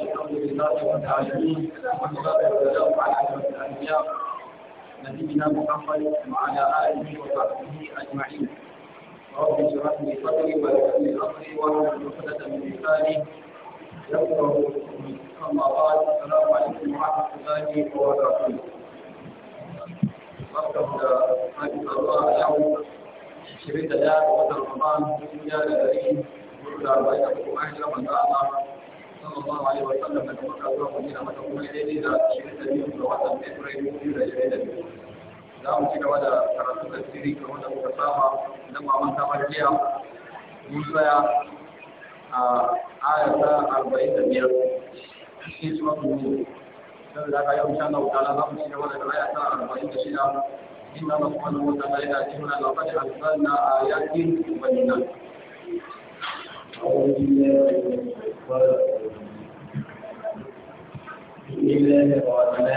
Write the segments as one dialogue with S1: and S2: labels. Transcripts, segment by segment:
S1: الحمد لله نبينا محمد وعلى آله وصحبه أجمعين رب اشرح لي صدري ويسر لي أمري واحلل عقدة من لساني يفقه قولي أما السلام ورحمة الله وبركاته بركة الله اليوم ashirin da ɗaya ga watan Ramadan dubu ɗaya da ɗari hudu da arba'in da kuma hijira manzo Allah sallallahu alaihi wa sallam daga Makka zuwa Madina mata kuma da ashirin da biyu ga watan February dubu da da mu ci da karatu da jiya mun tsaya a ayata da biyar cikin suratun Nur. Saboda haka yau insha Allah ta'ala za mu da ayata shida إن الله سبحانه وتعالى يأتينا لقد أرسلنا آيات بينات أعوذ آيات بينات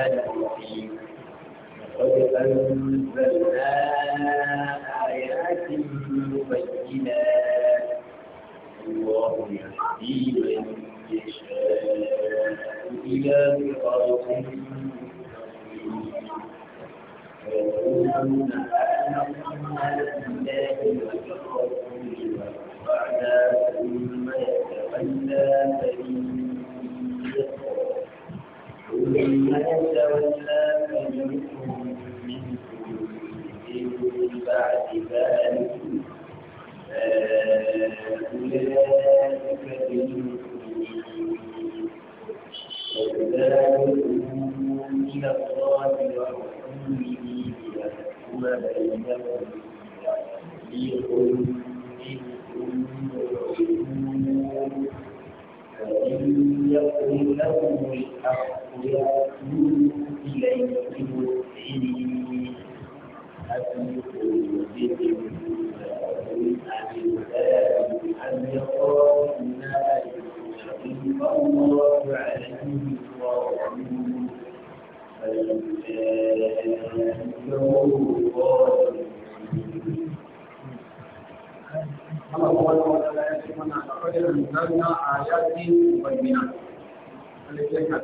S1: الله يهدي من يشاء إلى صراط ويقولون آمنا بالله وبرسوله وأطعنا ثم يتولى فريق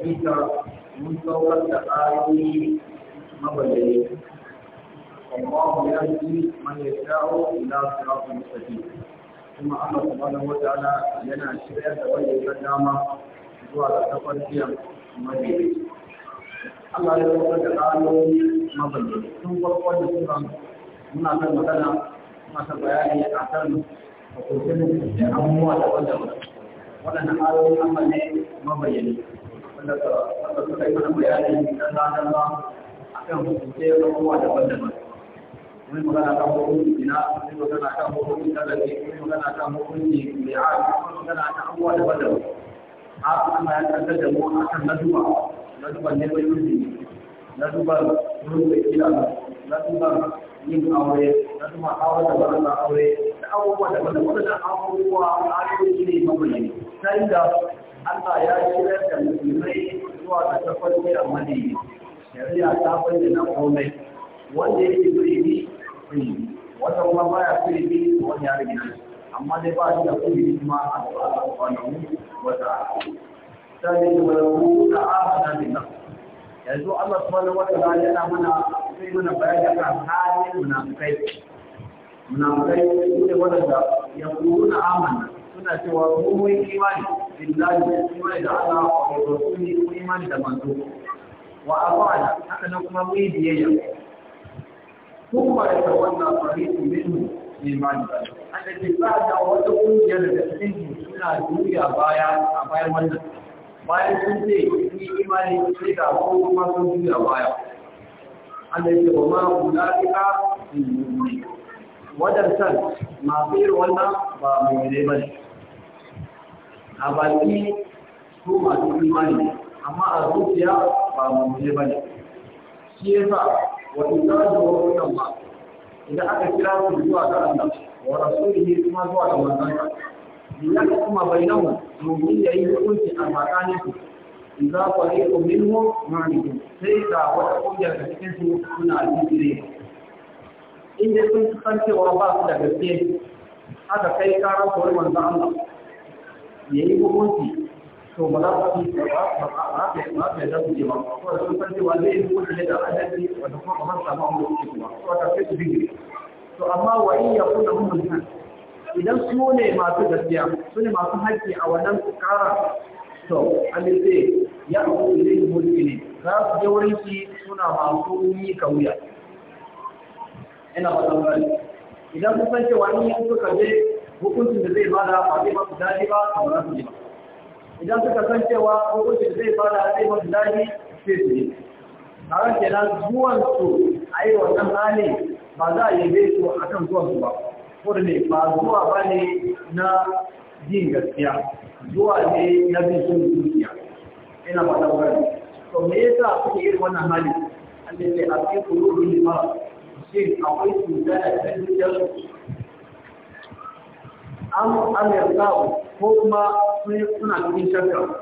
S1: hakika mun saukar da ayoyi mabayyane والله يهدي shawo ila sirafin صراط kuma Allah subhanahu wa ta'ala yana shirya da wanda ya dama zuwa ga tafarkiyar mabiyi Allah ya kawo da ayoyi mabayyane tun farko da sura muna kan magana muna kan bayani a kan hukuncin da abubuwa daban-daban waɗannan ayoyi amma ne mabayyane wanda suka yi mana bayani na zanen ba a kan hukunce abubuwa daban-daban. Mun magana da hukunci na, mun magana da hukunci tallafi, mun magana da hukunci bai'a, mun magana kan abubuwa daban da A Allah ya kantar da mu a kan naduba, naduban ne bai yuzi, naduban rufe kila, naduban yin aure, naduban aure da barna aure, da abubuwa daban-daban, wadannan abubuwa a yi ne mabayyani. Ta inda Allah ya kira da musulmai zuwa ga tafarki a madini shari'a ta bayyana komai wanda yake kuri bi wata kuma baya kuri bi wani ya rage amma dai ba shi da kuri bi kuma a Allah subhanahu wa Ta sai da malaku da amana bin nafs yanzu Allah kuma subhanahu wata ta'ala yana mana sai mana bayani akan halin munafikai munafikai ne wanda ya kuru na amana suna cewa ruwan imani billahi imani da Allah wa rasuli imani da manzo wa afana haka nan kuma mu biyayya kuma da wannan fariqu minhu imani da ke ba da wata kungiya da cikin suna duniya baya a bayan wannan bayan sun ce ni imani sai da ko kuma sun duniya baya anda ke ba ma ulaiika wadansan masu irin wannan ba mai ne ba ne a baki su masu imani amma a zuciya ba mummune ba ne shi ya sa wa isa da wannan ba idan aka kira su zuwa ga Allah wa rasulihi kuma zuwa ga manzon ya kuma bainahu domin ya yi hukunci a tsakanin su idan fariqu minhum ma'rikum sai da wata kungiya da cikin su suna alfitire in dai sun san cewa ba su da gaske haka kai karan kawai manzon Allah ya yi hukunci to ba za ku yi ba ba ba ba ba da ku ba ba da kun ba cewa zai ba hukunci da ba wanda kuma ba ba samu hukunci ba ko da ba ku bi ba amma wa ba ya kuna ba idan su ne masu gaskiya su ne masu haƙƙi a wannan kara to Allah zai ya abu ilai mulki ne za su je wurin shi suna masu yi kauya ina ba zan idan kun san cewa ni suka je hukuncin da zai bada ba zai masu daji ba a ba su ba idan suka san cewa hukuncin da zai bada zai masu daji sai su yi a ran kenan zuwan su a yi wannan hali ba za a yi bai su a kan zuwan su ba ko da ne ba zuwa ba ne na jin gaskiya zuwa ne na bin sun zuciya ina ba ta wani to me yasa kuke irin wannan hali Allah ya a cikin kulubin ba shin akwai cuta a cikin zuciyarsu an amirkawo ko kuma suna cikin shakka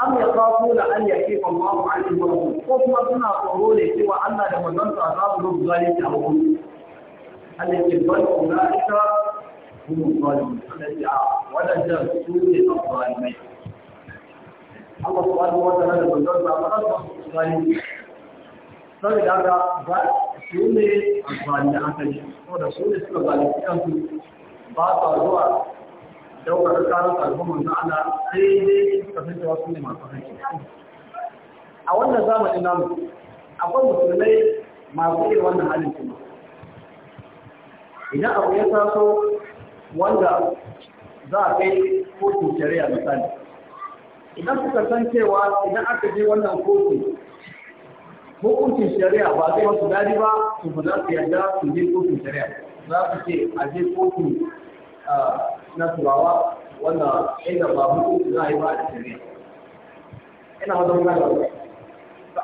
S1: an ya kawo da an ya kefa mamu a cikin ko kuma suna tsoro ne cewa allah da mazanta za su zuwa zalunci a hukunci allah ya ce bari kuma ita kuma zalunci allah a ah, wadannan su ne a zalimai Allah subhanahu wa na da manzon sa fara su zalunci sai da ga ba su ne a zalunci akan shi saboda su ne suka zalunci kansu ba sa zuwa daukar karar al'ummar na ana sai dai kasance wasu ne masu hanci. a wannan zamanin namu akwai musulmai masu iya wannan halin kuma idan abu ya taso wanda za a kai kotun shari'a misali idan suka san cewa idan aka je wannan kotun hukuncin shari'a ba zai wasu dadi ba su ba za su yarda su je kotun shari'a za su ce a je kotun na turawa wanda inda ba hukunci za a yi ba a shari'a ina wajen gana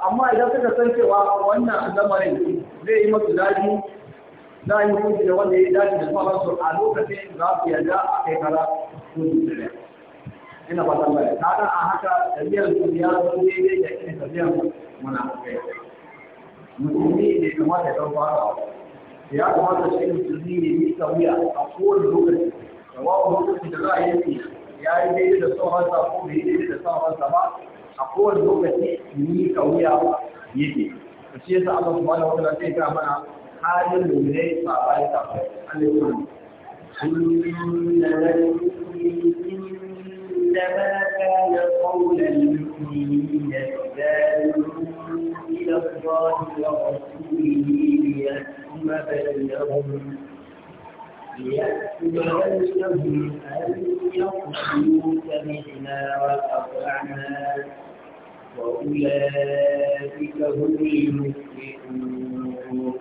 S1: amma idan suka san cewa wannan lamarin zai yi masu daji za a yi hukunci da wanda ya daji da su a lokacin za su yarda a kai kara hukunci shari'a ina ba tambaya ta a haka tafiyar duniya sun daidai da irin tafiyar munafukai musulmi ne kamata ya zama fara ya kamata shi musulmi ne yi wuya a kowane lokaci da wawan lokaci da za a yi ya yi daidai da son ko bai daidai da son ransa ba a kowane lokaci yi sauya yake to shi yasa Allah subhanahu wa ta'ala sai ga mana halin mu'minai ba ba ya ta Allah إنما كان قول المؤمنين إذا إلى الله ورسوله ليسلموا ثم بينهم ليأتبنهم أن يخشوك بهما وأطعنا وأولئك هم المفلحون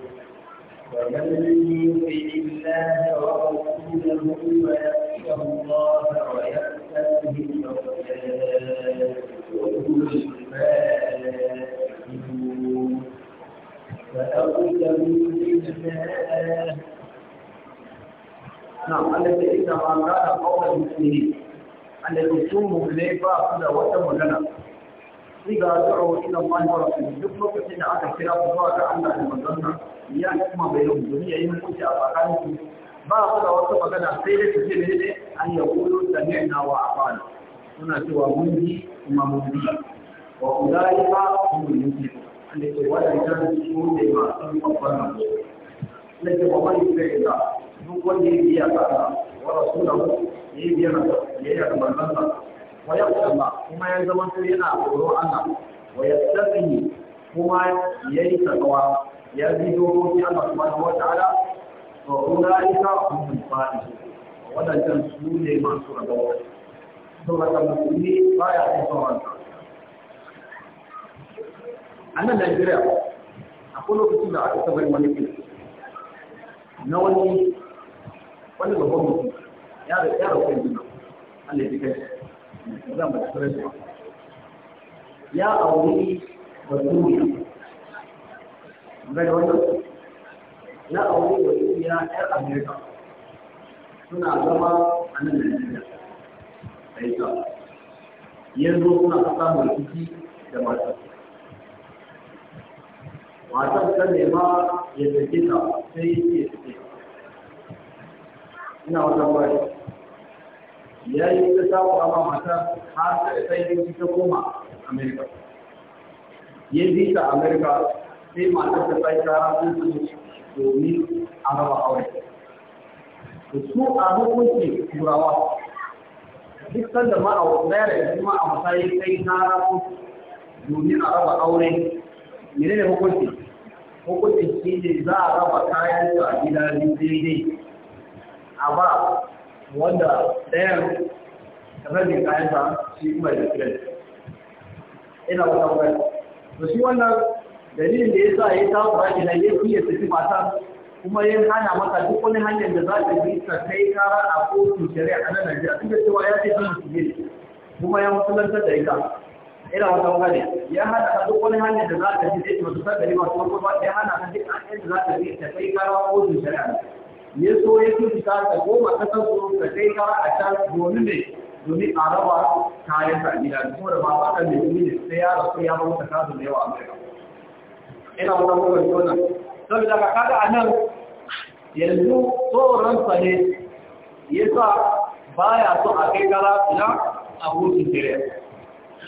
S1: ومن يطع الله ورسوله ويخشى الله ويأتم به فأولئك هم الفائزون da a a a kira Alẹ́gbẹ̀ ìta ma ń gára fọ́wọ́n a alẹ́gbẹ̀ tó mú ilé bá kúrò wọ́n tẹ́ mọ̀ lọ́nà. Sígbà tọ́rọ̀ da ke waɗancan su ne masu duk wanda ya biya ta ya yi biya ya yi wa ya kuma kuma ya su yana tsoro Allah wa ya kuma ya yi tsakawa ya bi ya Allah subhanahu wata ala, to ulaika humul fa'izun waɗancan su ne masu rabawa saboda musulmi baya son sauransa a nan najeriya akwai lokacin da aka sabar wani fil na wani wani babban mutum ya da ya da kwanci Allah ya ji kai zan ba tsare shi ya auri baturiya daga wannan ya auri baturiya ya america suna zama a nan najeriya sai ka yanzu suna kasa rikici da masu matan ta nema ya tafi ta sai ya tafi ina wajen bari ya yi ta samu amma mata har ta da sai yin ta koma amerika ya yi ta amerika sai matan ta sai kara sun su domin a raba aure da su a hukunci turawa duk sanda ma a wasa kuma a wasa ya kai kara domin a raba aure menene hukunci hukuncin shi ne za a raba kayan su a gida daidai a ba wanda ɗayan rabin kayan sa shi kuma da kiran ina wata wani to shi wannan dalilin da ya sa ya ta kura gida ya iya tafi mata kuma ya hana maka duk wani hanyar da za ta yi ta kai kara a kotun shari'a na Najeriya duk da cewa ya ce sun musulmi kuma ya musulantar da ita ina wata wani ya hana ka duk wani hanyar da za ka ji zai mutu sadari ba ko kuma ya hana ka duk hanyar da za ka ji ta kai kara ko su shari'a ya so ya fi ta ta goma ta san su ka kai kara a can domin ne domin a raba kayan sa gida kuma da ba ba ka mai ne sai ya rasu ya bauta kasu da yawa a mai ina wata wani wannan saboda ka kada a nan yanzu tsoron sa ne ya sa baya so a kai kara ina abokin shari'a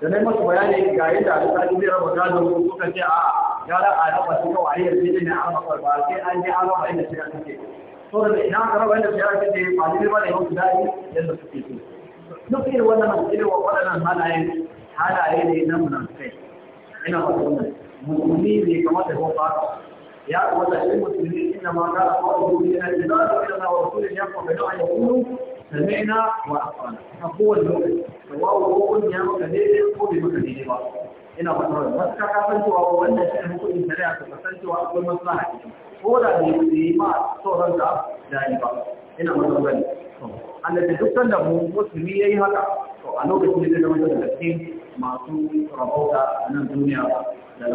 S1: da na masa bayani ga yadda alƙali zai raba gado ko kuka ce a gara a raba shi kawai a yanzu ne a raba ba sai an je an raba inda shiga take to da ina ka raba inda shiga take ba ne ba ne wasu daɗi yadda suke so duk irin wannan irin waɗannan halayen halaye ne na munafikai ina ba wannan musulmi ne kamar da kuma fara يا أولى المسلمين إنما كان قوله من العباد إلى رسول يقوم بنوع يقول سمعنا وأطعنا أقوى اللغة سواء هو أن يعمل أو بمكذلك ina fatar da wasu kasancewa wanda yi haka to lokacin da zama masu rabauta nan duniya da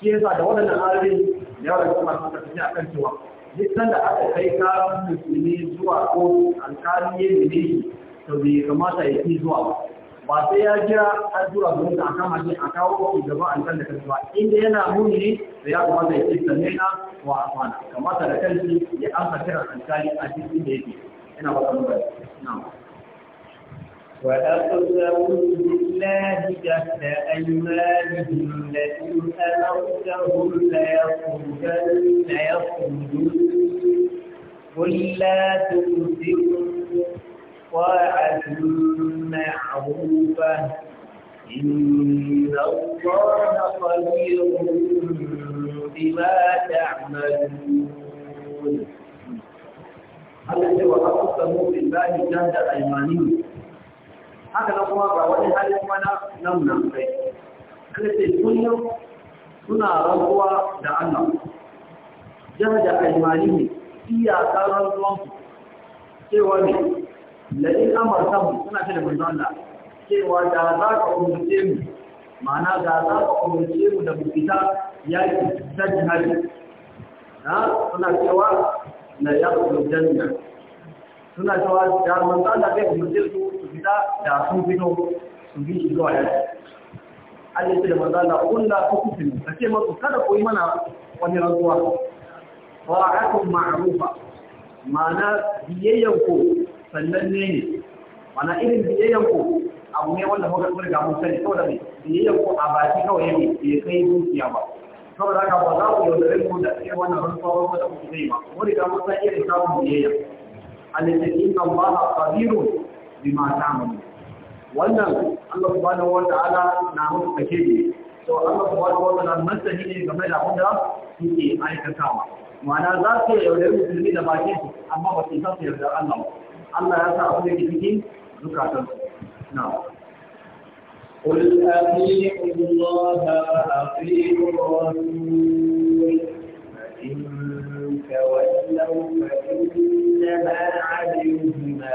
S1: shi yasa da waɗannan duk da aka kai karan musulmi zuwa ko alkali ya ne to bai kamata ya fi zuwa ba sai ya jira har zuwa gurin da aka mace a kawo ko gaba alkan da zuwa inda yana muni ne ya kamata ya fi sanne na wa kwana, kamata da kanshi ya amsa kiran alkali a cikin da yake ina ba ta nuna na'am وأقسموا بالله جهد أيمانهم لئن أمرتهم ليخرجن ليخرجن قل لا تمسكوا طاعة معروفة إن الله خبير بما تعملون. هل هو أقسموا بالله جهد أيمانهم haka nan kuma ga wani hali kuma na nan kai. sai kace kullum suna rantsuwa da Allah da jahaja ne, iyaka rantsuwan su cewa ne la'in amarta mu suna ce da manzo cewa da za ka umurce mu ma'ana da za ka umurce mu da mu fita yaki ta jihadi Na suna cewa la yaqulu janna suna cewa da manzo Allah zai umurce su isa da sun fito su bi shi zuwa yaki Allah ya ce da manzo Allah kullu kukutin kace musu kada ku mana wani rantsuwa ta'atun ma'rufa ma'ana biyayyan ku sannan ne ma'ana irin biyayyan ku abu ne wanda muka tsirga mun sani saboda mai biyayyan ku a baki kawai yake bai kai dukiya ba saboda haka ba za ku yaudare ku da irin wannan rantsuwa ba da kuke yi ba mun riga mun san irin samun biyayya inna qadirun bima ta'malu wannan Allah subhanahu wa ta'ala na mutu take ne to Allah subhanahu wa ta'ala masani ne game da abin da suke aikatawa ma'ana za su yaudar musulmi da bakin su amma ba su san su yarda Allah Allah ya sa abin da ke cikin zukatan na
S2: قل أطيعوا
S1: الله وأطيعوا الرسول فإن تولوا فإنما عليهم ما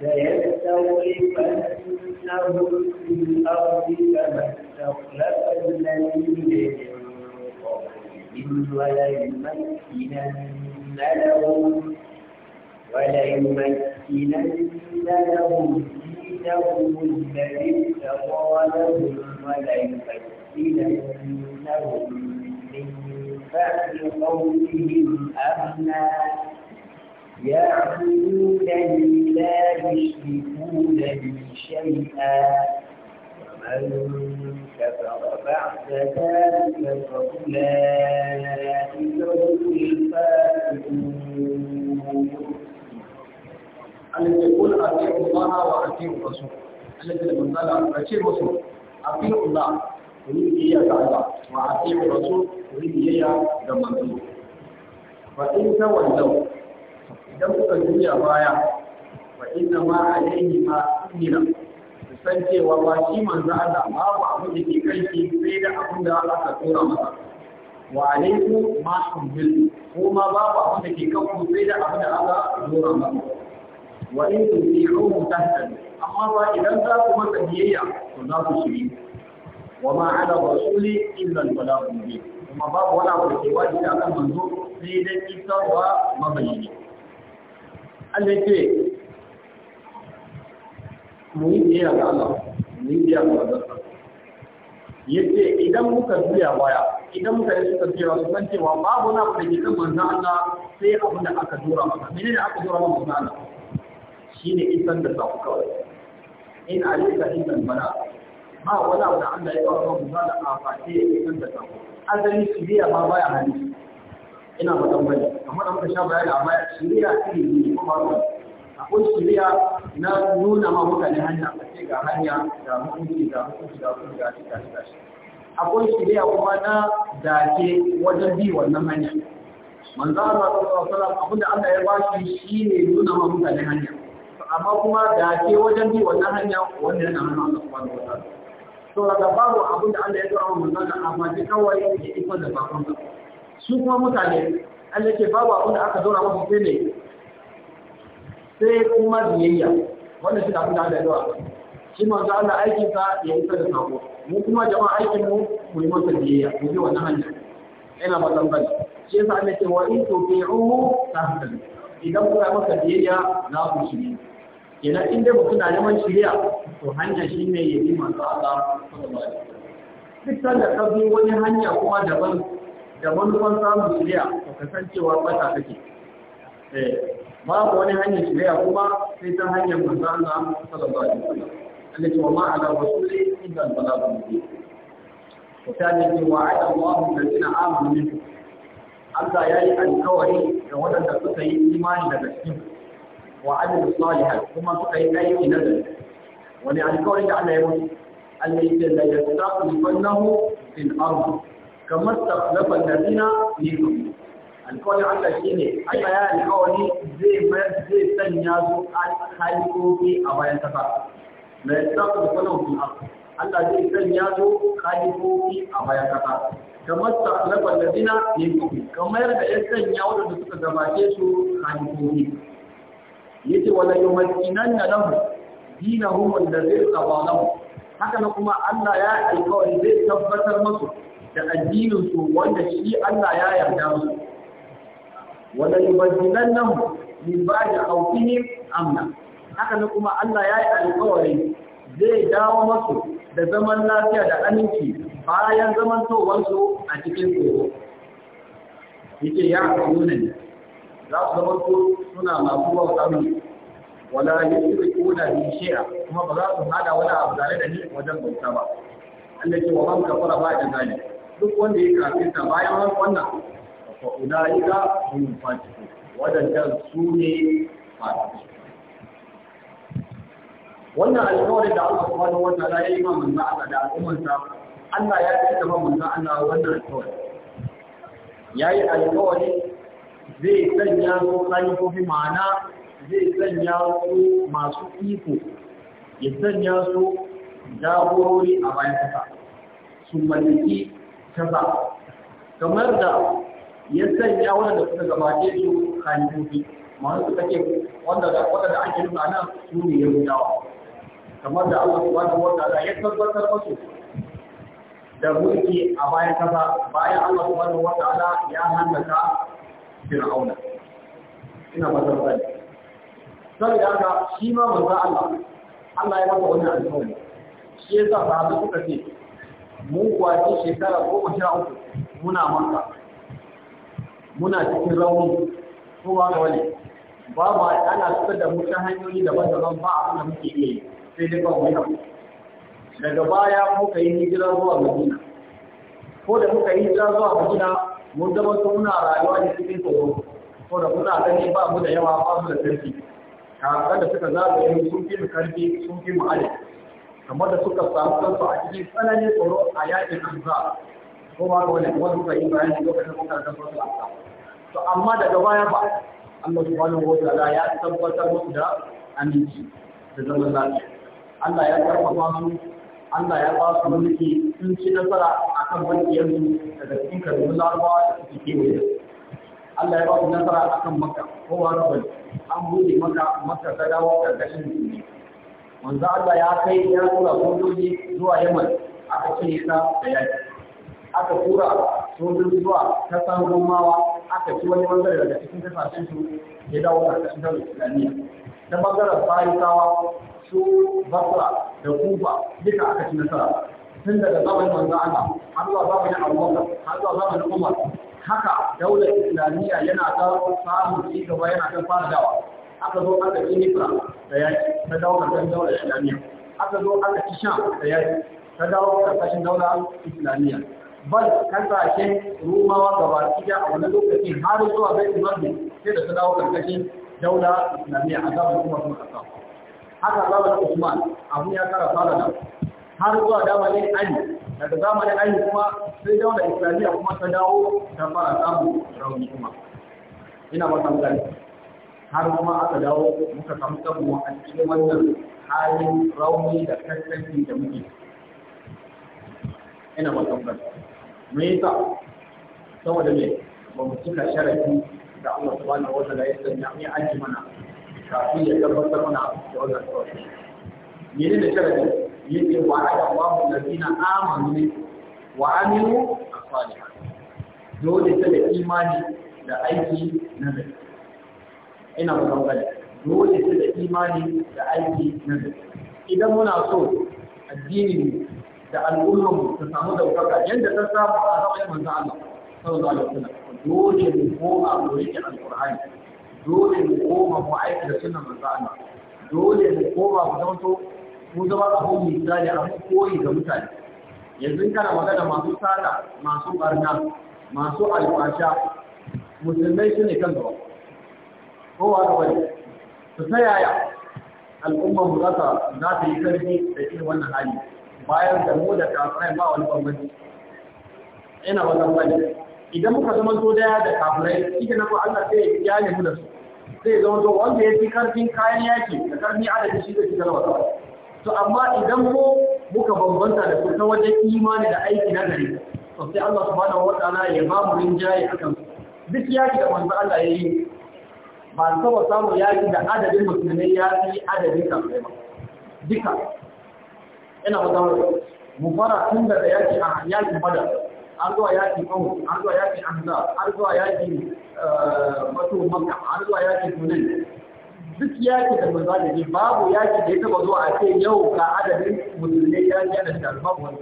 S1: ليستوقفنهم في الأرض كما استخلف الذين من قبلهم وليمكنن لهم وليمكنن لهم دينهم الذي ارتضى لهم وليمكننهم من بعد قولهم أمنا يعبدونني لا يشركون بي شيئا ومن كفر بعد ذلك فأولئك هم الفاسقون أن يقول أطيعوا الله وأطيعوا الرسول الذي لمن قال أطيعوا الرسول أطيعوا الله ويجي إياه الله وأطيعوا الرسول ويجي إياه الله فإن تولوا idan kuka juya baya wa inna ma alaihi ma umira ku san cewa ba shi manzo Allah babu abu da ke kai shi sai da abin da aka tura masa wa alaikum ma umbil kuma babu abu da ke kanku sai da abin da aka tura masa wa in tuti'uhu tahtadu amma ba idan za ku masa biyayya to za ku shiri wa ma ala rasuli illa al-balagh mubin kuma babu wani abu da ke wajibi akan manzo sai dai isarwa mabayyani Allah ce mu yi biyayya ga Allah mu yi biyayya ga Allah yace idan muka juya baya idan muka yi suka cewa su san cewa babu na da ke kan manzo sai abin da aka dora mene ne aka dora maka manzo Allah shine isan da sako kawai in alika idan bana ba wala da Allah ya kawo manzo Allah a fate isan da sako azali su biya ba baya hadisi ina faɗan bane kamar sha bayani a baya shari'a ne kuma akwai shari'a na nuna ma mutane hanya a ce ga hanya ga hukunci ga hukunci ga hukunci ga akwai shari'a kuma na dace wajen bi wannan hanya manzo Allah sallallahu alaihi wasallam abin da Allah ya bashi shine nuna ma mutane hanya amma kuma dace wajen bi wannan hanya wanda yana nuna Allah subhanahu wataala to daga babu abin da Allah ya dora wa manzo Allah amma kawai ya ifa da bakon su kuma mutane Allah ke babu abin da aka zauna musu sai ne sai kuma biyayya wannan suka da abin da Allah ya shi manzo Allah aikin sa ya isa da sako mu kuma jama'a aikin mu mu yi masa biyayya mu bi wannan hanya ina ba san bane shi yasa Allah ke wa in ta tahtadu idan kuna masa biyayya za ku shiri kenan in dai mutum na neman shirya, to hanya shi ne ya bi masu Allah duk sanda ka bi wani hanya kuma daban da wani manufan samun shirya to kasancewa bata kake eh, babu wani hanyar shirya kuma sai ta hanyar manzo Allah sallallahu alaihi wasallam التي وما على رسوله إلا البلاغ المبين wa وعد الله الذين آمنوا منكم Allah ya yi alkawari ga waɗanda suka yi imani daga cikin wa adil salihan kuma suka yi ɗaya aiki na gari wani alkawari da Allah ya mutu Allah ya ce la yastaqifannahu fil ardh kamar taflafan ladina minkum alkawari Allah shi ne Allah ya alkawari zai mayar zai sanya su halifofi a bayan kasa mai tsakon kwanan fi Allah zai sanya su halifofi a bayan kasa kamar taflafan ladina minkum kamar da ya sanya waɗanda suka gabace su halifofi yace wala yumakkinanna lahum dinahum allazi qada lahum haka kuma Allah ya alkawari zai tabbatar masu da addinin su wanda shi Allah ya yarda musu wala yubaddilannahum min da khawfihim amna haka ne kuma Allah ya yi alƙawari zai dawo masu da zaman lafiya da aminci bayan zaman towansu a cikin tsoro yake ya kawo ne za su zama su suna masu bauta mu wala yushriku da bi shi'a kuma ba za su hada wani abu tare da ni wajen bauta ba Allah ke wa man fara ba da zalika duk wanda ya kafirta bayan wannan fa ulaika hum fasiqun wadannan su ne fasiqun wannan alƙawarin da Allah subhanahu wa ta'ala ya yi ma manzo Allah da al'ummarsa Allah ya ce ta manzo Allah wannan alƙawari yayi alƙawari zai sanya su kalmomi ma'ana zai sanya su masu iko ya sanya su jagorori a bayan kasa su mallaki kaza kamar da ya sanya wanda da suka gabace su hanyoyi ma'ana su take wanda da wanda da ake nuna nan su ne ya gudawa kamar da Allah subhanahu wa ta'ala ya tabbatar musu da mulki a bayan kaza bayan Allah subhanahu wa ta'ala ya hannaka Fir'auna ina ba zan sani saboda haka shi ma manzo Allah Allah ya masa wannan alƙawari shi yasa ba su suka ce mu kwace shekara goma sha uku muna maka muna cikin rauni ko ba ga wani ba ma ana fitar da mu ta hanyoyi daban-daban ba abin da muke iya yi sai dai ba mu yi daga baya ko ka yi hijira zuwa Madina ko da muka yi hijira zuwa Madina mun zama su muna rayuwa ne cikin tsoro ko da kuna gani ba mu da yawa ba mu da karfi ka da suka zagaye sun fi mu karfi sun fi mu alif. kamar da suka samu kansu a cikin tsananin tsoro a yakin ahzab ko ma ga wani kuma suka yi bayani lokacin suka ga wasu ahzab to amma daga baya ba Allah subhanahu wa ta'ala ya tabbatar musu da aminci da zaman lafiya Allah ya karfafa su Allah ya ba su mulki sun ci nasara akan bankiyarsu daga cikin kabilun larabawa da suke kewaye Allah ya ba su nasara a kan makka kowa rubin an buɗe maka makka ta dawo ƙarƙashin duniya wanzu Allah ya kai ya tura sojoji zuwa Yemen aka ce ta da yaki aka tura sojoji zuwa ta san gomawa aka ci wani bangare daga cikin kasashen su ya dawo karkashin da ganiya. ta bangaren Farisawa su Basra da Kufa duka aka ci nasara tun daga zamanin manzo Allah har zuwa zamanin Abubakar har zuwa zamanin Umar haka daular Islamiyya yana ta samun ci gaba yana ta fara dawa aka zo aka ci Misra da yaki ta dawo karkashin daular islamiyya aka zo aka ci sha da yaki ta dawo karkashin daular islamiyya bal kasashen rumawa gaba ɗaya a wani lokacin har zuwa baitul maqdis sai da ta dawo karkashin daular islamiyya a zaman kuma sun kasa haka zaman Usman abu ya kara fara da har zuwa zamanin Ali daga zamanin Ali kuma sai daular islamiyya kuma ta dawo ta fara samun rauni kuma ina masa mutane har kuma aka dawo muka samu kanmu a cikin wannan halin rauni da kaskanci da muke ina ba tabbata me yasa saboda me ba mu cika sharafi da Allah subhanahu wa ta'ala ya sanya mu aji mana kafin ya tabbatar mana da wannan sauki menene da sharafi yake wa Allahu allazina amanu wa amilu as-salihat dole ta da imani da aiki na gari ina magana dole su da imani da aiki na idan muna so addini da al'ummar ta samu daukaka yadda ta samu a zaman manzo Allah sallallahu alaihi wasallam dole mu koma mu rike alqur'ani dole mu koma mu aiki da sunnar manzo Allah dole mu koma mu zanto mu zama abun misali a koyi ga mutane yanzu kana magana masu sada masu barna masu alwasha musulmai su ne kan gaba kowa da wani su ta yaya al'ummar mu za ta yi karfi da irin wannan hali bayan da mu da kafirai ba wani bambanci ina wata bambanci idan muka zama to daya da kafirai shi na ko Allah sai ya yi mu da su sai zama to wanda ya fi karfin kayan yaki da karfin adadin shi zai shigar wata to amma idan mu muka bambanta da su ta wajen imani da aiki na gari to sai Allah subhanahu wa ta'ala ya ba mu rinjaye akan duk yaki da manzo Allah ya yi ba su samun yaki da adadin musulmai ya fi adadin kafirai ba duka ina ba zama mu fara tun daga yaki a yakin badar an zuwa yakin kawo an zuwa yakin ahza an zuwa yakin maso eh, makka an zuwa yakin tunan duk yaki da manzo da ji babu yaki da ya taɓa zuwa a ce yau ga adadin musulmai ya fi adadin kafirai babu wani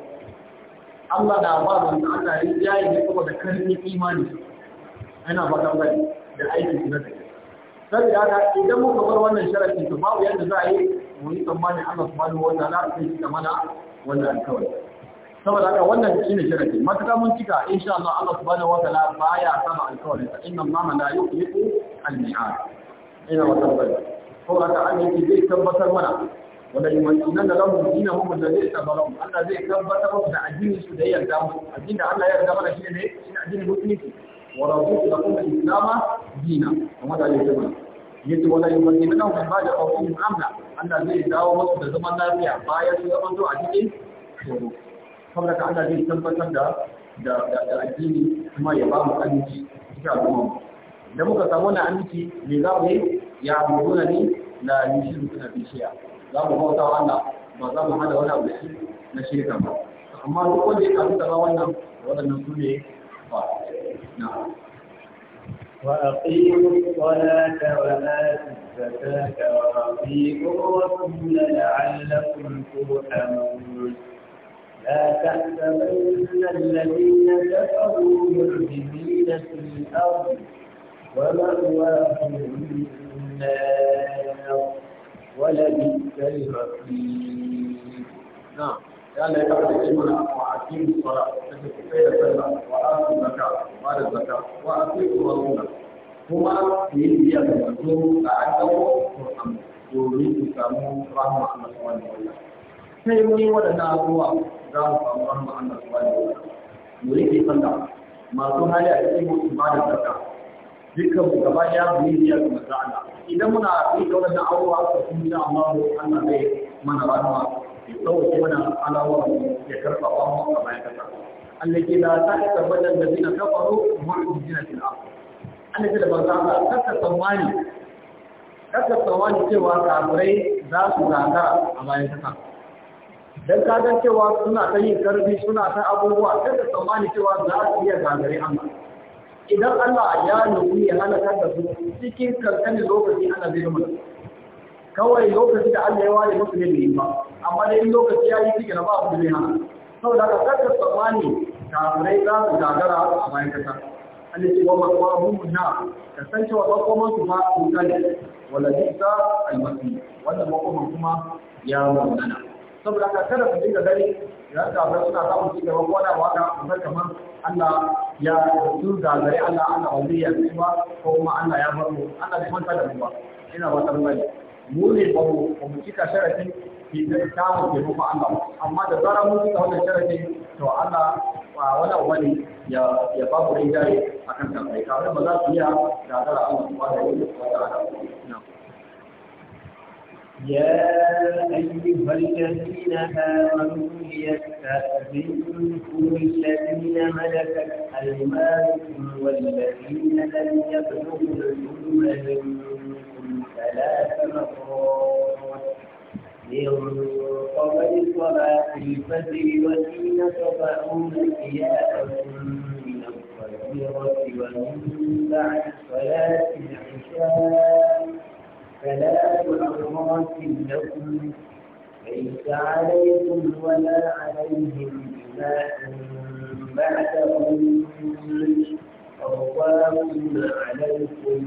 S1: Allah da ba da Allah ya yi ne saboda karfin imani ana ba da aiki na saboda haka idan muka bar wannan sharafi to babu yadda za a yi mu yi tsammani Allah subhanahu wa ta'ala zai cika mana wannan alkawari saboda haka wannan shine sharafi matuƙa mun cika insha Allah Allah subhanahu wa ta'ala baya sama alkawari inna ma la yukhliqu al-mi'ad ina wa tabbata ko haka Allah yake zai tabbatar mana wanda nan da mu dinahum alladhi tabarahum Allah zai tabbatar musu da addinin su da yarda mu addinin da Allah ya yarda mana shine ne shine addinin musulunci ورضيت لكم الإسلام دينا وماذا يجب أن yace wala yumakkinu min ba'da qawmin amna Allah zai dawo musu da zaman lafiya bayan su zaman zuwa cikin tsoro saboda ka Allah zai tabbatar da da addini kuma ya ba mu aminci ita mu. da muka samu na aminci me za mu yi ya abubuwa ne la yushiru na bishiya za mu bauta wannan ba za mu hada wani abu shi na shirka ba amma duk wanda ya kasu da wannan waɗannan su ne ba na وأقيموا الصلاة وآتوا الزكاة وأطيعوا الرسول لعلكم ترحمون لا تحسبن الذين كفروا معجزين في الأرض ومأواهم النار ولبئس المصير نعم ya la ya da mana wa aqimu sala da ku kai da sallah wa atu zakat wa da zakat wa atiqu rabbuna kuma ku yi biya da manzo da an dawo Qur'an domin ku samu rahma Allah subhanahu wa ta'ala sai mun wadannan abubuwa za mu samu rahma a subhanahu wa ta'ala mu rike sallah masu hali a cikin ba da zakat dukkan mu gaba ya mu yi biyar da Allah idan muna yi da wannan abubuwa to insha Allah Allah zai mana rahama ɗauke mana alawa ya karɓa wa mu a bayan kasa ke da ta ka tabbata da zina kafaro mu'jizina fil ardh ke da banza Allah kaka tsammani kaka tsammani cewa kafirai za su gagara a bayan kasa dan kaga cewa suna ta yin karfi suna ta abubuwa kaka tsammani cewa za su iya gagare Allah idan Allah ya nufi ya halaka da su cikin kankanin lokaci ana zai mutu kawai lokaci da Allah ya ware musu ne bai ba amma dai in lokaci ya yi shi na ba su zai hana saboda ka karka tsammani kafirai za su gagara a bayan kasa Allah ce wa makwabun na kasance wa makoman su ba su kale wala bisa almasi wannan makoman kuma ya munana saboda ka kada ku dinga gani idan kafirai suna samun ci gaba ko da waka kamar kamar Allah ya su gagare Allah Allah ba zai yi ba ko kuma Allah ya bar Allah bai manta da mu ba ina ba tarbiyya mu ne ba mu cika sharafin ke da samun taimako Allah amma da zara mun cika wannan sharafin to Allah wala wani ya ya ba mu rinjaye akan tambayi kawai ba za su iya gagara Allah wani wa ta'ala na'am يا أيها الذين آمنوا ليستأذنكم الذين ملكت أيمانكم والذين لم يبلغوا الحلم منكم ثلاث مرات من قبل صلاة الفجر وحين تضعون من الظهيرة ومن بعد صلاة العشاء ثلاث عورات لكم ليس عليكم ولا عليهم جناح بعدهم الله عليكم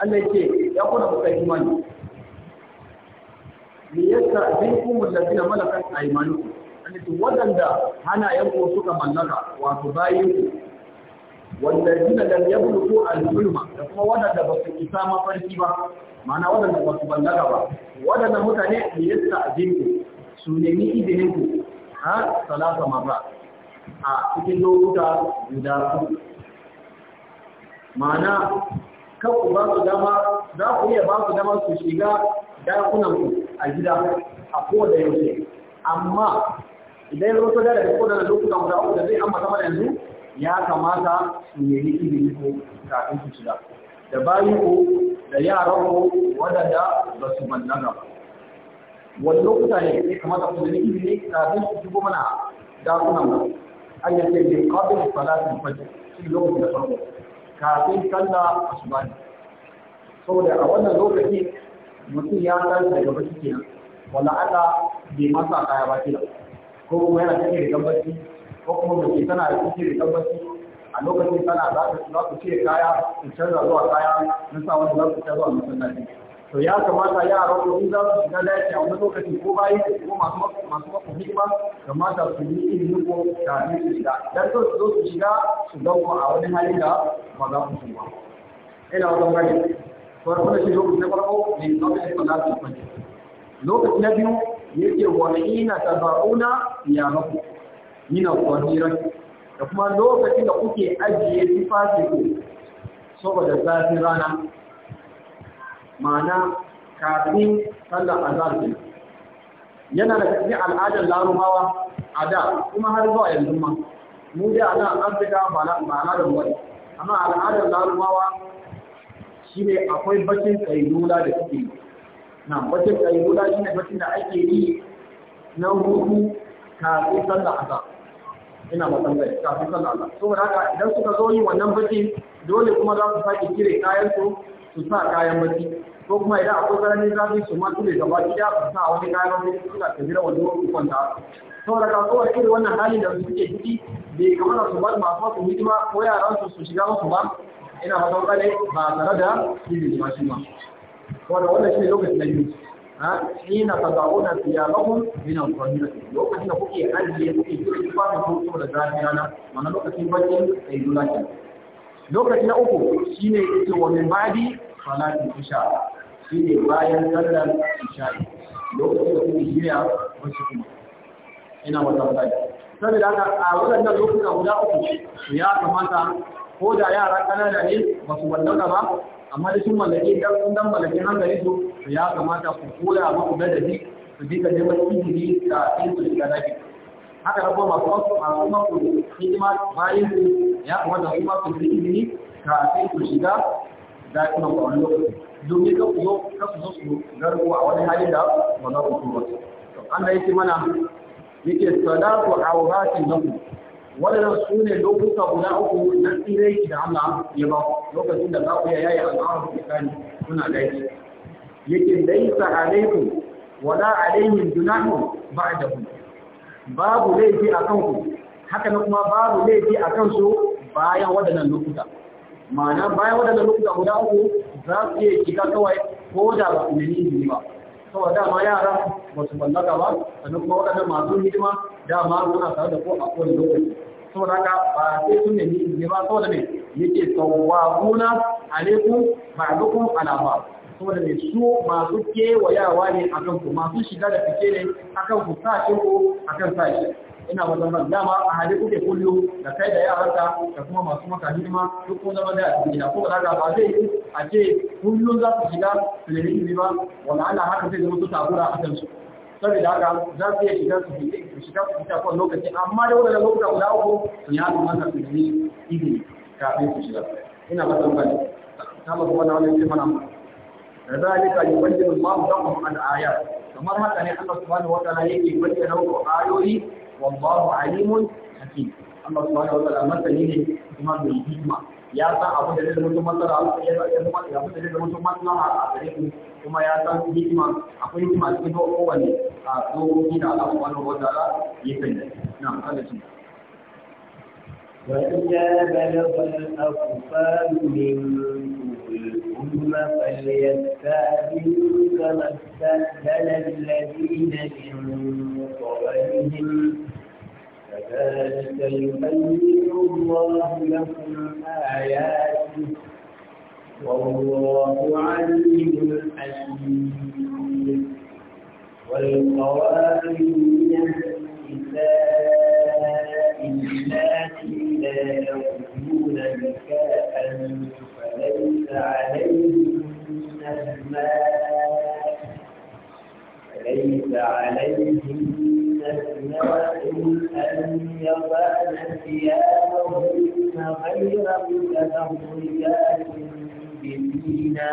S1: Allah ce ya kuna kai imani me yasa bin kuma lafiyar malakan aimanu Allah ce wadanda hana yanko suka mallaka wato bayin ku wanda dina da ya bulutu al-zulma da kuma wadanda ba su isa mafarki ba ma'ana wadanda ba su mallaka ba wadanda mutane me yasa bin ku su nemi izinin ku ha salasa ba, a cikin lokuta guda ku ma'ana kanku ba su dama za ku iya ba su dama su shiga dakunan ku a gida a kowane yaushe amma idan ya zo da daga kowane lokuta guda uku da zai amma sama yanzu ya kamata su nemi izini ko kafin su shiga da bayi ko da yara ko wadanda ba su mallaka ba wani lokuta ne ya kamata su nemi izini kafin su shigo mana dakunan mu an yace bi qabl su fajr shi lokacin da farko kafin sallah asuba ne saboda a wannan lokaci mutum ya tashi daga suke kenan wala Allah bai masa kaya ba kenan ko kuma yana cikin da gabbaci ko kuma ke tana da da gabbaci a lokacin tana za su cire kaya su canza zuwa kaya na sa wani za ku canza zuwa masallaci to ya kamata yara ko in za su shiga a wani lokaci ko bayi ko masu masu masu hikima kamata su yi ilimi ko kafin su shiga dan so su zo su shiga su ga ko a wani hali da ba za ku shiga ina wannan gani farko da shi lokacin farko ne lokacin da za su fadi lokacin na biyu yake wa ina ta tabauna ya ina mina qadiran da kuma lokacin da kuke ajiye tufafi ku saboda zafin rana ma'ana kafin sallar azhar din yana da cikin al'adar larubawa a da kuma har zuwa yanzu ma mu dai a nan ba na da wani amma al'adar larubawa ne akwai bakin kailula da suke na bakin shi ne bakin da ake yi na hutu kafin sallar azhar ina matsalai kafin sallar azhar saboda haka idan suka zo yi wannan bakin dole kuma za su sake kire kayan su su sa kayan bacci ko kuma idan akwai tsananin zafi su ma tule gaba gida su sa wani kayan bacci su ka tafi da wani wani kwanta saboda kasuwar irin wannan hali da suke ciki bai kamar su bar masu wasu hidima ko yaran su su shiga musu ba ina fatan kane ba tare da izini ba shi ma wanda wannan shi ne lokacin na biyu siya tazauna thiyabakum kwanu da su lokacin da kuke ajiye kuke jira ku ba ku saboda zafi rana wannan lokacin bacci sai dole kenan lokaci na uku shine ne wa wani badi salatin isha ne bayan sallar isha lokaci da kuma jiya wasu kuma ina wata bai saboda haka a wadannan lokuta guda uku su ya kamata ko da yara kanana ne ba su wallaka ba amma da sun mallaki dan sun dan mallaki hankali su to ya kamata ku kula da ji su ka neman izini da in su shiga daki haka kuma masu masu masu hidima bayan su ya kamata su ba su da ilimi kafin ku shiga da kuma a wani lokaci domin ka ku zo ka ku zo su garko a wani hali da ba za ku ba to Allah yake mana yake salatu awratin lakum waɗannan su ne lokuta guda uku na tsirrai da Allah ya ba lokacin da za ku yaya ya al'arar tsakani suna gaji yake laisa alaikum wala alaihim junahu ba'dahu babu laifi a ku. haka nan kuma babu laifi a kansu bayan waɗannan lokuta ma'ana bayan waɗannan lokuta guda uku za su iya shiga kawai ko da ba su nemi izini ba saboda ma yara ba su ballaka ba sannan kuma waɗannan masu hidima da ma suna tare da ko a kowane lokaci saboda haka ba sai sun nemi izini ba saboda me yake tsawwakuna alaikum ba'dukum ala alaba saboda mai su masu kewayawa ne a kanku masu shiga da fice ne a kanku shi ko a kan sa shi. ina mazaunan dama a hali kuke kullu da kai da yaranka da kuma masu maka hidima duk kun zama da gida ko da ba zai a ce kullum za su shiga su nemi ilimi ba wala Allah haka zai zama su takura a kansu saboda haka za su iya shiga su shiga su fita kwan lokaci amma da wani lokuta guda uku su ya nuna masa su nemi ilimi kafin su shiga ina mazaunan ba ne kama kuma da wani mana da zalika yubayyinu Allahu lakum al-ayat kamar haka ne Allah subhanahu wa ta'ala yake bayyana wa ayoyi والله عليم حكيم الله سبحانه وتعالى مثل ايه ما الحكمة يا تا ابو دليل متو مثل على يا ابو دليل متو مثل على ذلك ثم يا تا حكمة ابو حكمة كده هو ني تو كده الله سبحانه وتعالى يفند نعم هذا شيء وإذا بلغ الأطفال منكم الأمة فليستأذنوا كما استأذن الذين من قبلهم كذلك يبين الله لكم آياته والله عليم حكيم والقواعد من النساء اللاتي لا يرجون نكاحا فليس عليهن الماء فليس عليهن نسمعهم أن يضعن ثيابهن غير متبرجات بزينة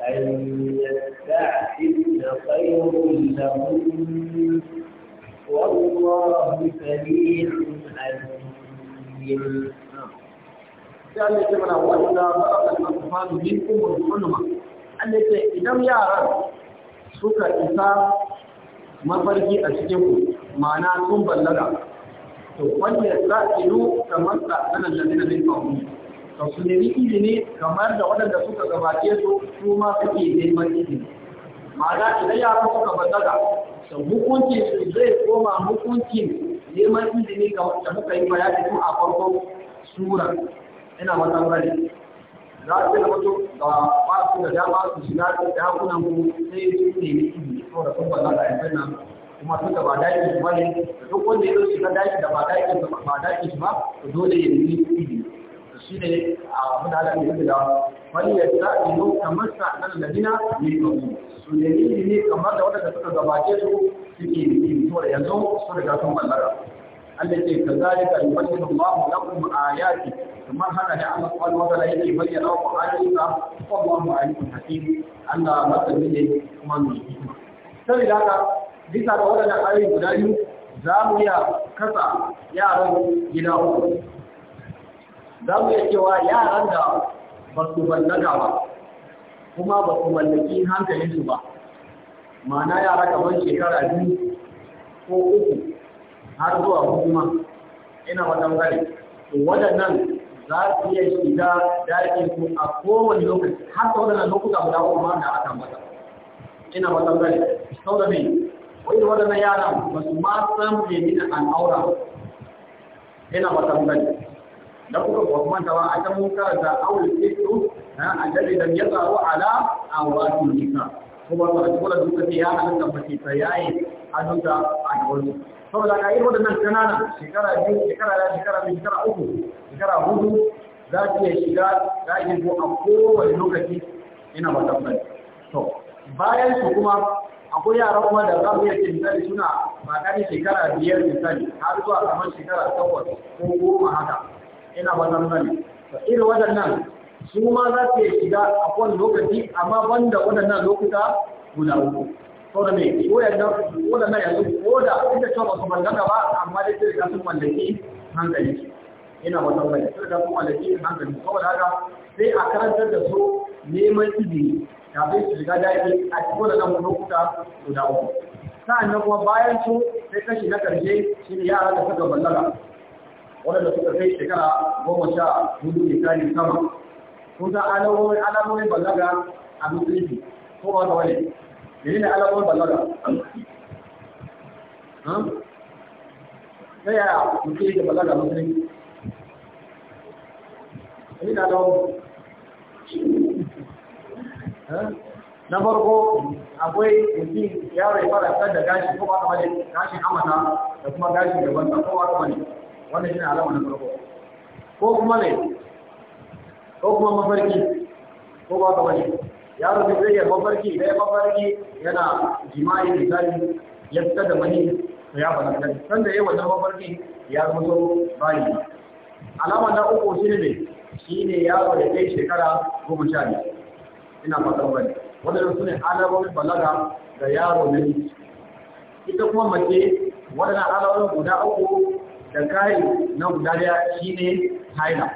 S1: وأن يستعففن خير لهن والله سميع عليم. sai Allah ya mana wanda baraka da kufanu minkum wa kunuma Allah ya idan yaran suka isa mafarki a cikin ku ma'ana sun ballaga to wanda za ilu kamar ta sanar da zina bin kawo ka su nemi izini kamar da waɗanda suka gabace su su ma suke neman izini ma'ana idan ya suka ballaga to hukuncin su zai koma hukuncin neman izini ga wanda muka yi bayani a farkon sura ina wata za a ce mutu ba ba su da dama su shiga da hakunan ku sai su ne miki saboda sun ba za a yi nan kuma tun da ba dakin su bane da duk wanda ya shiga daki da ba dakin su ba dakin su ba to dole ya yi ne? to shi ne a ah, mun da alaƙa da wani ya sa ino kamar sa nan da dina ne ba su ne ne kamar da wanda suka gabace su suke miki saboda yanzu su riga sun ballara Allah ce ka kazalika yubayyinu Allahu lakum ayati kamar hana da Allah subhanahu wa ta'ala yake bayyana wa ayyuka wallahu alim hakim Allah masani ne kuma mai hikima sai da haka bisa ga wadannan ayoyi guda biyu za mu iya kasa yaran gida uku za mu iya cewa yaran da ba su ballaka ba kuma ba su mallaki hankalinsu ba ma'ana yara kamar shekara biyu ko uku har zuwa hukuma ina wata wani. waɗannan za su iya shiga dakin ko a kowane lokaci har sau da nan lokuta guda uku ma da aka mata ina ba tambaye sau da mai wani waɗannan yara ba su ma san menene al'aura ina ba tambaye da kuka kuwa manta ba a can mun karanta aure kitu a jade da ya tsaro ala a wasu nisa kuma ba a cikin duka ce ya halatta mace ta yaye a duka a yawon saboda ka yi waɗannan kanana shekara biyu shekara da shekara biyu shekara uku shekara hudu za ki iya shiga za ki zo a kowane lokaci ina ba tabbata to bayan su kuma akwai yara kuma da za mu iya ce misali suna ba kare shekara biyar misali har zuwa kamar shekara takwas ko goma haka ina ba tabbata to irin waɗannan su ma za su iya shiga a kowane lokaci amma banda waɗannan lokuta guda uku Sau da mai ko da waɗannan yanzu ko da ita cewa ba su ba amma dai sai ka sun mallaki hankali ina wannan mai sai da kuma da hanga ne kawai haka sai a karantar da su neman izini kafin su shiga daji a cikin nan lokuta guda uku sa'annan kuma bayan su sai kashi na karshe shi ne yara da suka ballaga wadanda suka kai shekara goma sha hudu misali sama sun san alamomin alamomin ballaga a musulunci ko ba ga wani ne ne alamomin ballaga sai ya mutum da ballaga musulunci ina da na farko akwai yanzu yaro ya fara fitar da gashi ko ba ka bane gashin amata da kuma gashi da ta ko ba ka bane wannan ne alama na farko ko kuma ne ko kuma mafarki ko ba ka bane yaro bai zai yi mafarki dai mafarki yana jima'i zai ya fita da mani to ya bada kan san da yayi wannan mafarki ya zama so bayi alama na uku shine ne shi ne yaro da kai shekara goma sha biyu ina fatan bane wadannan su ne alamomin balaga ga yaro na miji ita kuma mace waɗannan alamomin guda uku da kai na guda daya shi ne haila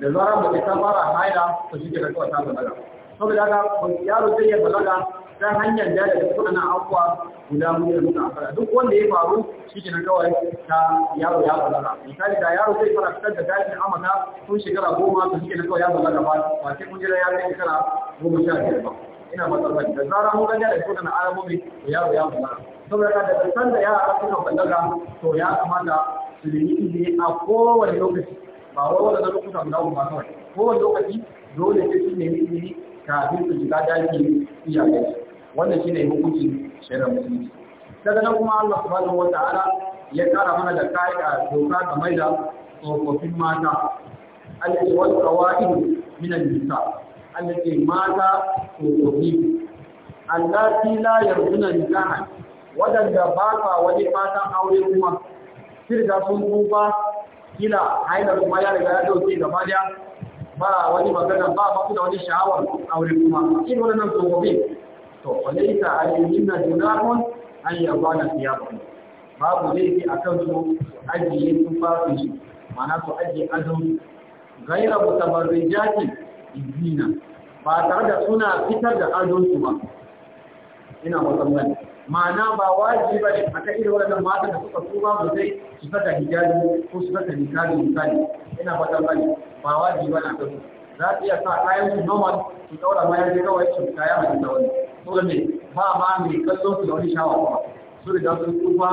S1: da zarar mace ta fara haila to shi ke da kawai ta balaga saboda haka yaro zai yi balaga ta hanyar da daga su ana abuwa guda muke muka fara duk wanda ya faru shi ke nan kawai ta yaro ya balaga misali da yaro zai fara fitar da dajin amata sun shekara goma su shi ke nan kawai ya balaga ba ba sai kun jira ya kai shekara goma sha biyar ba ina matsalar da zarar mun ganya da su na alamomi yaro ya balaga saboda da san da yara suka balaga to ya kamata su ne a kowane lokaci ba wai wanda na kusa guda ba kawai kowane lokaci dole sai su nemi ilimi kafin su shiga daji iyayensu wannan ne hukuncin shari'ar musulunci daga nan kuma Allah subhanahu ta'ala ya kara mana da kaida doka ga mai da tsofaffin mata allati wal qawaid min an-nisa allati mata tsofaffi Allah allati la yarjuna nikaha wadanda ba ka wani fatan aure kuma sirga sun tuba kila haidar kuma ya riga ya dauke gaba daya ba wani magana ba ba su da wani sha'awar aure kuma irin wannan tsofaffi to ita walaita na junahun an yadana thiyabahun babu laifi kan su ajiye tufafin su Mana su ajiye azumi gaira mutabarrijati izina ba tare da suna fitar da azon su ba ina musamman Mana ba waje ba ne akan irin waɗannan mata da suka tuba mu sai su saka hijabi ko su saka hijabi misali ina fatan bane ba wajibi ba na kansu za su iya sa kayan su normal su daura mayar mayafi kawai su kaya mai tsawon saboda ne ba ma mai kallon su da wani shawa su da sun ba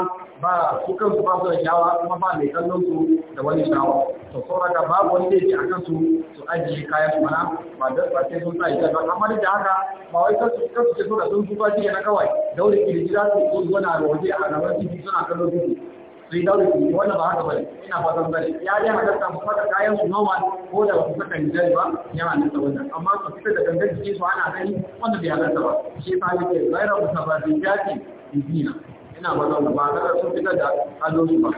S1: kuma ba mai kallon su da wani shawa to sauraka babu wani laifi a kansu su ajiye kayan su ba da ba sai sun sa ita wai na kawai daure kirji za su zo waje a gaban ciki suna kallon su su yi daure wannan ba haka ina ya su ko da su ba ya halatta amma fita da su wanda ba shi yasa yake zaira ina ba sun fita da ba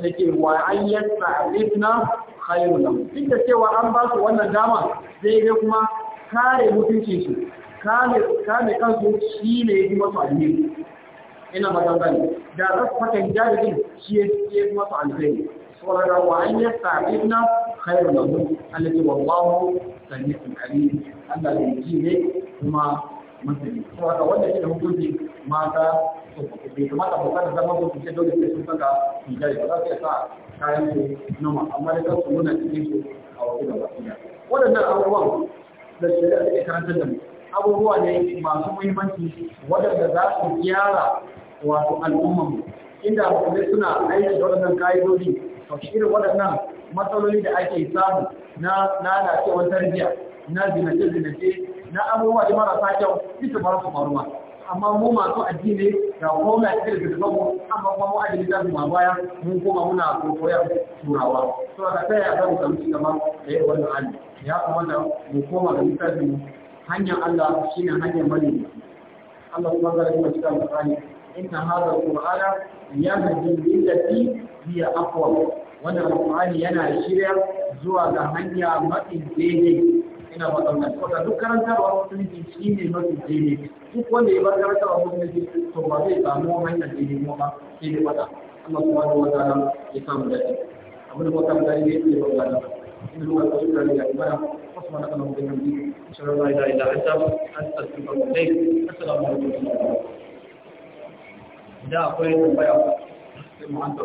S1: ke an yasta'lifna an wannan dama sai kuma kare mutuncinsu su kame kansu shi ne ya yi masu ina maganganu da za fatan jaririn shi ya ce masu alkhairi saboda wa an ya sabi na khairu lahu alladhi wallahu sami'un alim Allah da ji ne kuma masani saboda wanda shi da hukunci mata su bai kamata ba da zama su ce dole sai sun saka hijabi ba za su sa kayan su nama. amma da kansu nuna cikin su a wasu da wasu waɗannan abubuwan da shari'a take karantar da mu abubuwa ne masu muhimmanci waɗanda za su gyara wato al'umman inda kuma suna aiki da waɗannan ka'idodi to shirin waɗannan matsaloli da ake samu na lalacewar tarbiyya na zinace-zinace na abubuwa da marasa kyau bisa ba su faruwa amma mu masu addini da kuma a cikin da mu amma kuma mu addini da su baya mun koma muna kokoya turawa so da kai a zamu kamar da yayin wannan hali ya kamata mu koma ga mu? hanyar Allah shine hanyar mali Allah kuma zai yi cikin alƙali inna hadha alqur'ana yahdi lillati hiya aqwa wannan alqur'ani yana shirya zuwa ga hanya mafi daidai ina faɗa wannan duk karantarwa musulunci shi ne mafi daidai duk wanda ya bar karantarwa musulunci to ba zai samu hanyar daidai kuma ba sai dai faɗa Allah subhanahu wa ta'ala ya samu dace abin da kuma da yake yi ba Allah in ruwa ta shukar da ibada wasu na kana mutum ne shirin ra'ayi da ita da akwai tambaya sai mu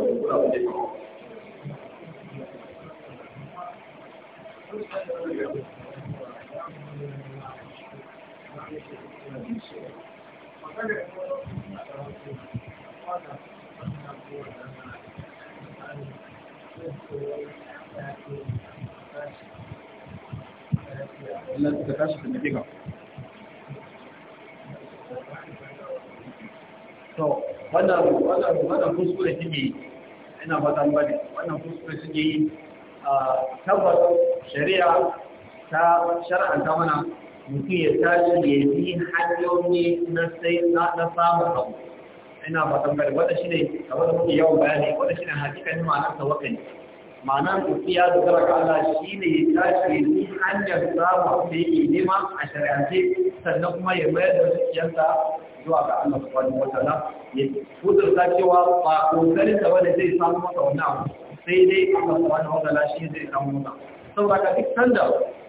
S1: da wannan kuskure suke yi ina fatan bane wannan tabbas shari'a ta shar'anta mana mutum ya tashi ya bi hanyoyi na sai na samun abu ina fatan bane wanda shine kamar muke yawan bayani wanda shine hakikan ma'anar tawakkali ma'anar tafiya da zara ga Allah shine ya tashi ya bi hanyar samun da yake nema a shari'ance sannan kuma ya mayar da zuciyarsa zuwa ga Allah subhanahu wataala ya kudurta cewa ba kokarin da wanda zai samu masa wannan abu sai dai Allah subhanahu wataala shi zai samu masa saboda duk sanda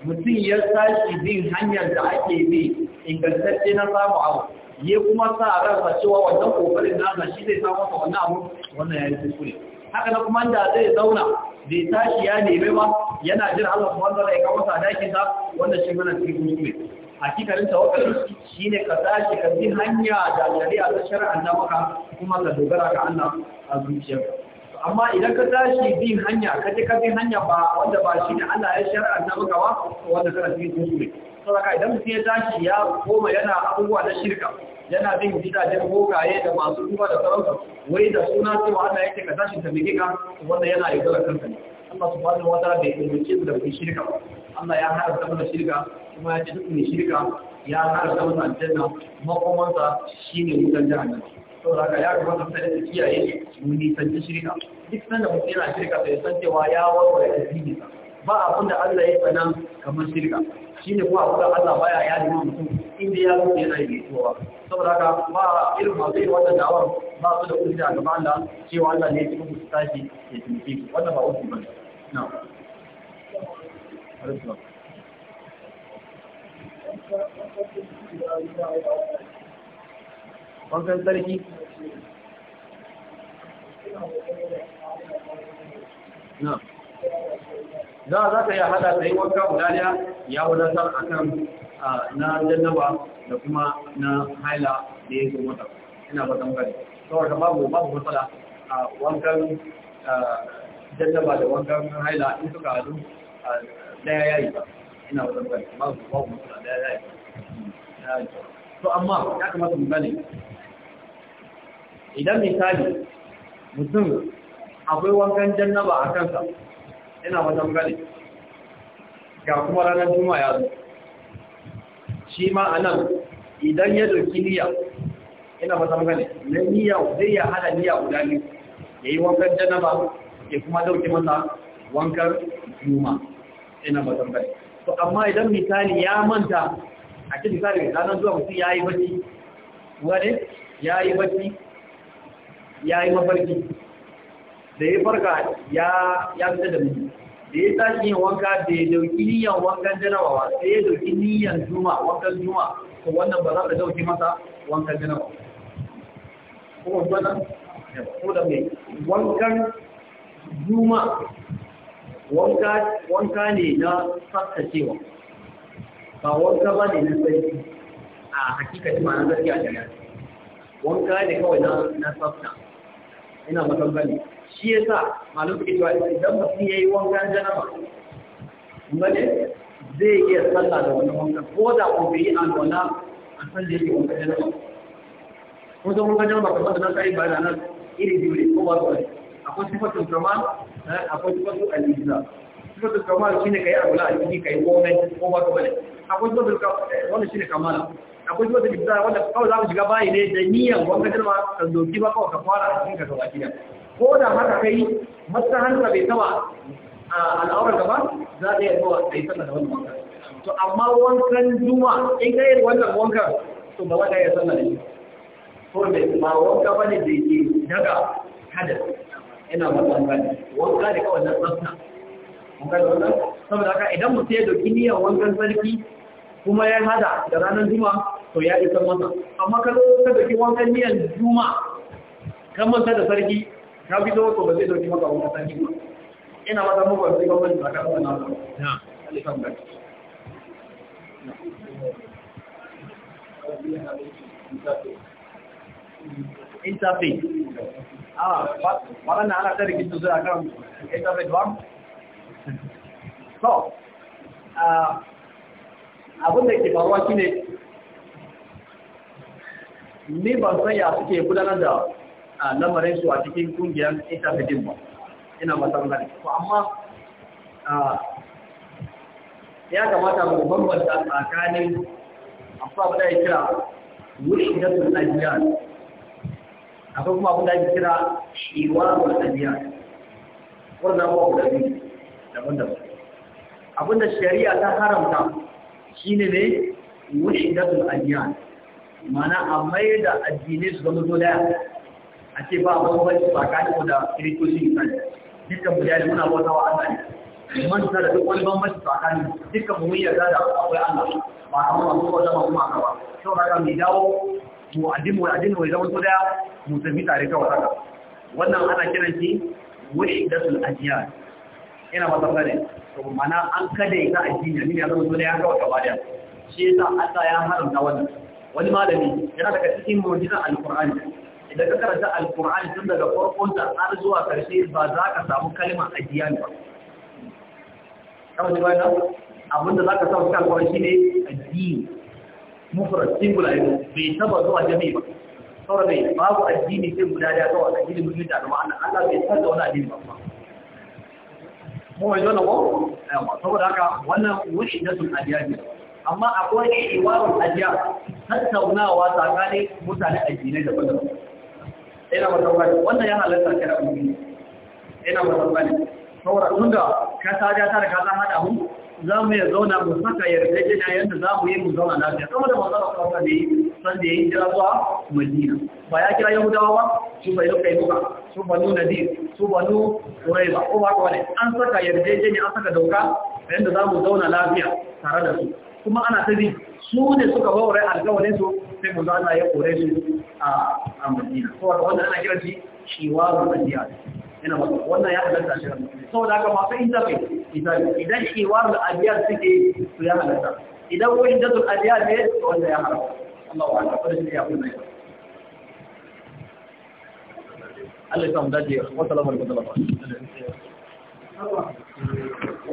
S1: mutum ya tashi bin hanyar da ake bi ingantacce na samu abu ya kuma sa a ransa cewa wannan kokarin Allah shi zai samu masa wannan abu wannan ya yi kuskure haka na kuma da zai zauna bai tashi ya nemi ba yana jin Allah subhanahu wataala ya kawo sa dakin sa wannan shi mana cikin kuskure hakikalin tawakkali shine ka tashi ka bi hanya da shari'a ta shari'a na kuma ka dogara ga Allah a zuciyarka amma idan ka tashi bi hanya ka je ka hanya ba wanda ba shine Allah ya shari'a na maka ba to wanda kana cikin kuskure saboda idan mutum ya tashi ya koma yana abubuwa na shirka yana bin gidajen bokaye da masu duba da sauransu wai da suna cewa Allah yake ka tashi ta bi ka wanda yana yaudara kanka ne Allah su faɗin wata bai ya mu da mu shirka ba Allah ya da wani shirka kuma ya ce duk ne shirka ya haramta mana aljanna makomansa ne wutan jahannama saboda haka ya kamata mu da kiyaye mu nisanci shirka duk sanda mutum yana shirka sai san cewa ya warware addini ba abin da Allah ya tsana kamar shirka shi ne kuma abin da Allah baya ya dima mutum inda ya zo yana yi tuwa saboda haka ba irin masu yi wata dawar ba su da uzuri a gaba Allah cewa Allah ne ya ci musu tashi ya tunke wannan ba wasu ba wankan tsarki na za ka yi hada ta yi wanka guda daya ya wadatar a kan na jannaba da kuma na haila da ya zo mata ina ba tambari ta babu babu matsala a wankan jallaba da wankan haila in suka hadu a daya yayi ba ina wannan ba ba su ba mu a daya yayi ba to amma ya kamata mu gane idan misali mutum akwai wankan jannaba a kansa ina wajen gane. ga kuma ranar juma'a ya zo shi ma a nan idan ya doki niyya ina wajen gane na niyya zai ya hada niyya guda biyu ya yi wankan jannaba ya kuma dauke masa wankar juma ina ba tambaye to amma idan misali ya manta a cikin misali da nan zuwa mutum yayi bacci wani yayi bacci yayi mafarki da ya farka ya ya fita da miji da ya tashi yin wanka da ya dauki niyan wankan janawa sai ya dauki niyan juma wankan juma to wannan ba za ta dauki masa wankan janawa kuma wannan ko da mai wankan juma wanka ne na cewa ba wanka ba ne na tsarki a hakikati ma na tsarki a jana wanka ne kawai na tsafta ina matan gani shi ya sa malum ke cewa idan mutum ya yi wankan janaba gane zai iya tsalla da wani wanka ko da kuma bai yi alwala a san da yake wankan janaba kuma zan wankan janaba kamar da na tsari ba da nan iri biyu ne ko ba su wani akwai sifatun kamal eh, akwai sifatun al-islam sifatun kamal shine kai abu la alhiji kai komai ko ba ka bane akwai sifatun eh, wannan shine kamala akwai sifatun ibda wanda kawai za mu shiga bayi ne da niyan wanda kalma ka zoki ba kawai ka fara a cikin ka gaba gida ko da haka kai maslahanka bai taba al'aurar gaba za ta yi zuwa a yi sallah da wannan wanka to amma wankan juma in ka yi wannan wanka to ba za ya yi da shi ko da ba wanka ba ne da yake daga hadar ina ba wanka ne wanka ne kawai na tsafta wanka da wannan saboda haka idan mutum ya doki niyan wankan sarki kuma ya hada da ranar juma to ya isa masa amma ka ka doki wankan niyan juma kan manta da sarki ka fito to ba zai doki maka wankan sarki ba ina ba ta muku sai gwamnati ba ka kasa na ba na Thank you. interfaith ah waɗanda ana ta rikici zuwa kan interfaith one so ah, abin da ke faruwa shine ni ban sanya suke gudanar da ah, lamarin su a cikin kungiyar interfaith ba ina matsalar ko amma ah, ya kamata mu bambanta tsakanin abubuwa da ya kira wurin da sun ajiyar akwai kuma abin da ake kira shiwarul abiya wannan ba guda biyu daban-daban abin da shari'a ta haramta shine ne da wushidatul abiya mana a mai da addinai su zama zo daya a ce ba a wani tsakanin da kiristoci misali dukkan mu yare muna bauta wa Allah ne man ta da duk wani bambanci tsakani dukkan mu yarda da akwai Allah ba kamar masu bauta ba kuma a ba sau haka mai dawo mu addini wa addini wai zaman da mu tafi tare kawai haka wannan ana kiran shi wahdatul ajyan ina ba tsare to mana an kada ka addini ne ya zama da ya kawai gaba da shi yasa Allah ya haramta wannan wani malami yana daga cikin mu'jizan alqur'ani idan ka karanta alqur'ani tun daga farkon ta har zuwa karshe ba za ka samu kalmar ajyan ba kawai ba abinda za ka samu kalmar shi ne addini mufrad singular yau bai taba zuwa jami'i ba saboda bai babu addini sai guda da zuwa da mun musulunci da ma'ana Allah bai san da wani addini ba mu mai jona ko yawa saboda haka wannan wuce na sun ajiya ne amma akwai iwarun ajiya tattaunawa tsakanin mutane addinai da daban ina ba tabbata wannan ya halatta kira ina ba tabbata saboda tunda ka sada ta da ka san hada mu za mu iya zauna mu saka yarjejeniya yadda za mu yi mu zauna lafiya kuma da manzara kawai ne san da ya yi kira zuwa madina ba ya kira yahudawa ba su bai yau kai muka su banu nadir su banu kurai ba ko ba ko ne an saka yarjejeniya an saka doka yadda za mu zauna lafiya tare da su kuma ana ta bi su ne suka baure alƙawarin su sai mu zauna ya kore su a madina saboda wannan ana kira shi shiwa madina ina wannan ya halatta shi saboda haka idan da abiyar suke su ya halatta idan wani ne wanda ya Allah wa shi ya kuma Allah ya samu